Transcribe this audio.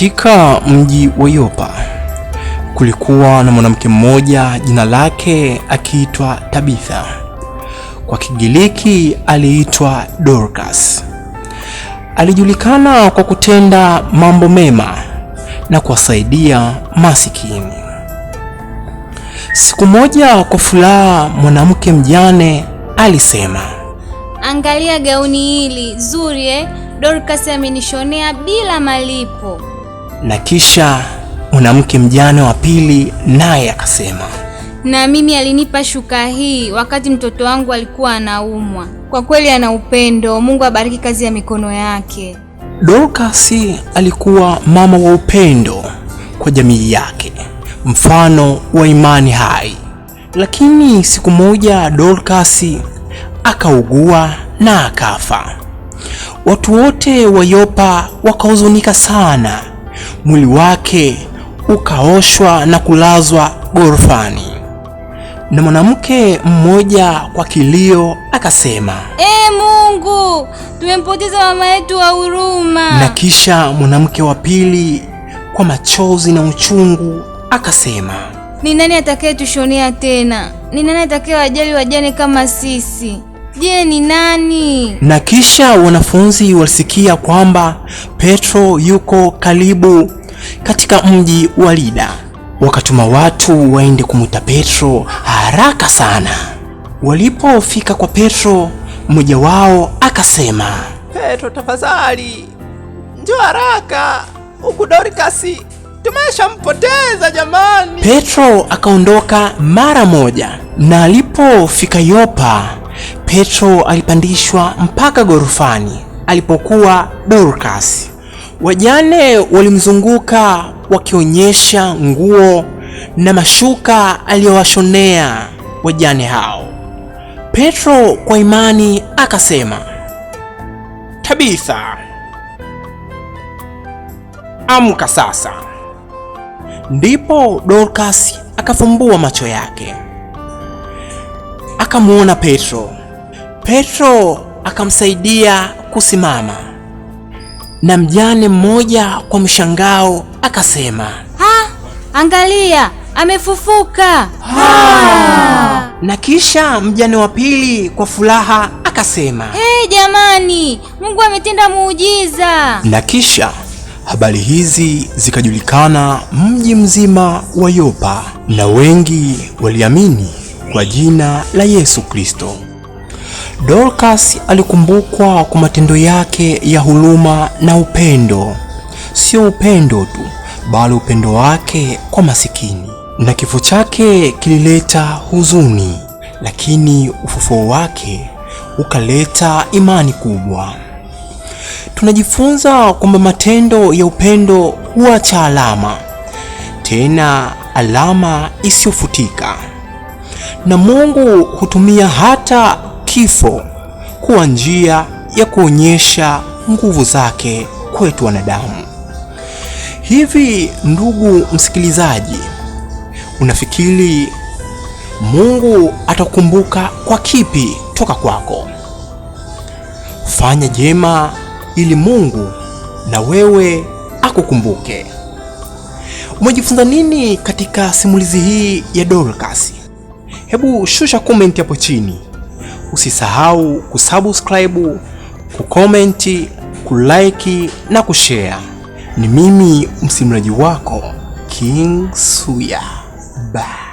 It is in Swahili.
Katika mji wa Yopa kulikuwa na mwanamke mmoja jina lake akiitwa Tabitha. Kwa Kigiriki aliitwa Dorcas. Alijulikana kwa kutenda mambo mema na kuwasaidia masikini. Siku moja, kwa furaha, mwanamke mjane alisema, angalia gauni hili zuri eh, Dorcas amenishonea bila malipo na kisha mwanamke mjane wa pili naye akasema, na mimi alinipa shuka hii wakati mtoto wangu alikuwa anaumwa. Kwa kweli ana upendo, Mungu abariki kazi ya mikono yake. Dorkasi alikuwa mama wa upendo kwa jamii yake, mfano wa imani hai. Lakini siku moja Dorkasi akaugua na akafa. Watu wote wa Yopa wakahuzunika sana mwili wake ukaoshwa na kulazwa gorofani. Na mwanamke mmoja kwa kilio akasema, Ee Mungu, tumempoteza mama yetu wa huruma. Na kisha mwanamke wa pili kwa machozi na uchungu akasema, ni nani atakayetushonea tena? Ni nani atakayewajali wajane kama sisi? Je, ni nani? Na kisha wanafunzi walisikia kwamba Petro yuko karibu katika mji wa Lida, wakatuma watu waende kumwita Petro haraka sana. Walipofika kwa Petro, mmoja wao akasema, Petro tafadhali, njoo haraka, huku Dorikasi tumeshampoteza jamani. Petro akaondoka mara moja, na alipofika Yopa Petro alipandishwa mpaka gorofani alipokuwa Dorcas. Wajane walimzunguka wakionyesha nguo na mashuka aliyowashonea wajane hao. Petro kwa imani akasema, Tabitha, amka sasa. Ndipo Dorcas akafumbua macho yake akamwona Petro. Petro akamsaidia kusimama, na mjane mmoja kwa mshangao akasema, ha, angalia amefufuka ha! Na kisha mjane wa pili kwa furaha akasema, hey, jamani, Mungu ametenda muujiza. Na kisha habari hizi zikajulikana mji mzima wa Yopa, na wengi waliamini kwa jina la Yesu Kristo. Dorcas alikumbukwa kwa matendo yake ya huruma na upendo, sio upendo tu, bali upendo wake kwa masikini, na kifo chake kilileta huzuni, lakini ufufuo wake ukaleta imani kubwa. Tunajifunza kwamba matendo ya upendo huacha alama, tena alama isiyofutika, na Mungu hutumia hata kifo kuwa njia ya kuonyesha nguvu zake kwetu wanadamu. Hivi ndugu msikilizaji, unafikiri Mungu atakukumbuka kwa kipi toka kwako? Fanya jema ili Mungu na wewe akukumbuke. Umejifunza nini katika simulizi hii ya Dorcas? Hebu shusha komenti hapo chini Usisahau kusubscribe, kukomenti, kulike na kushare. Ni mimi msimulaji wako King Suya. Bye.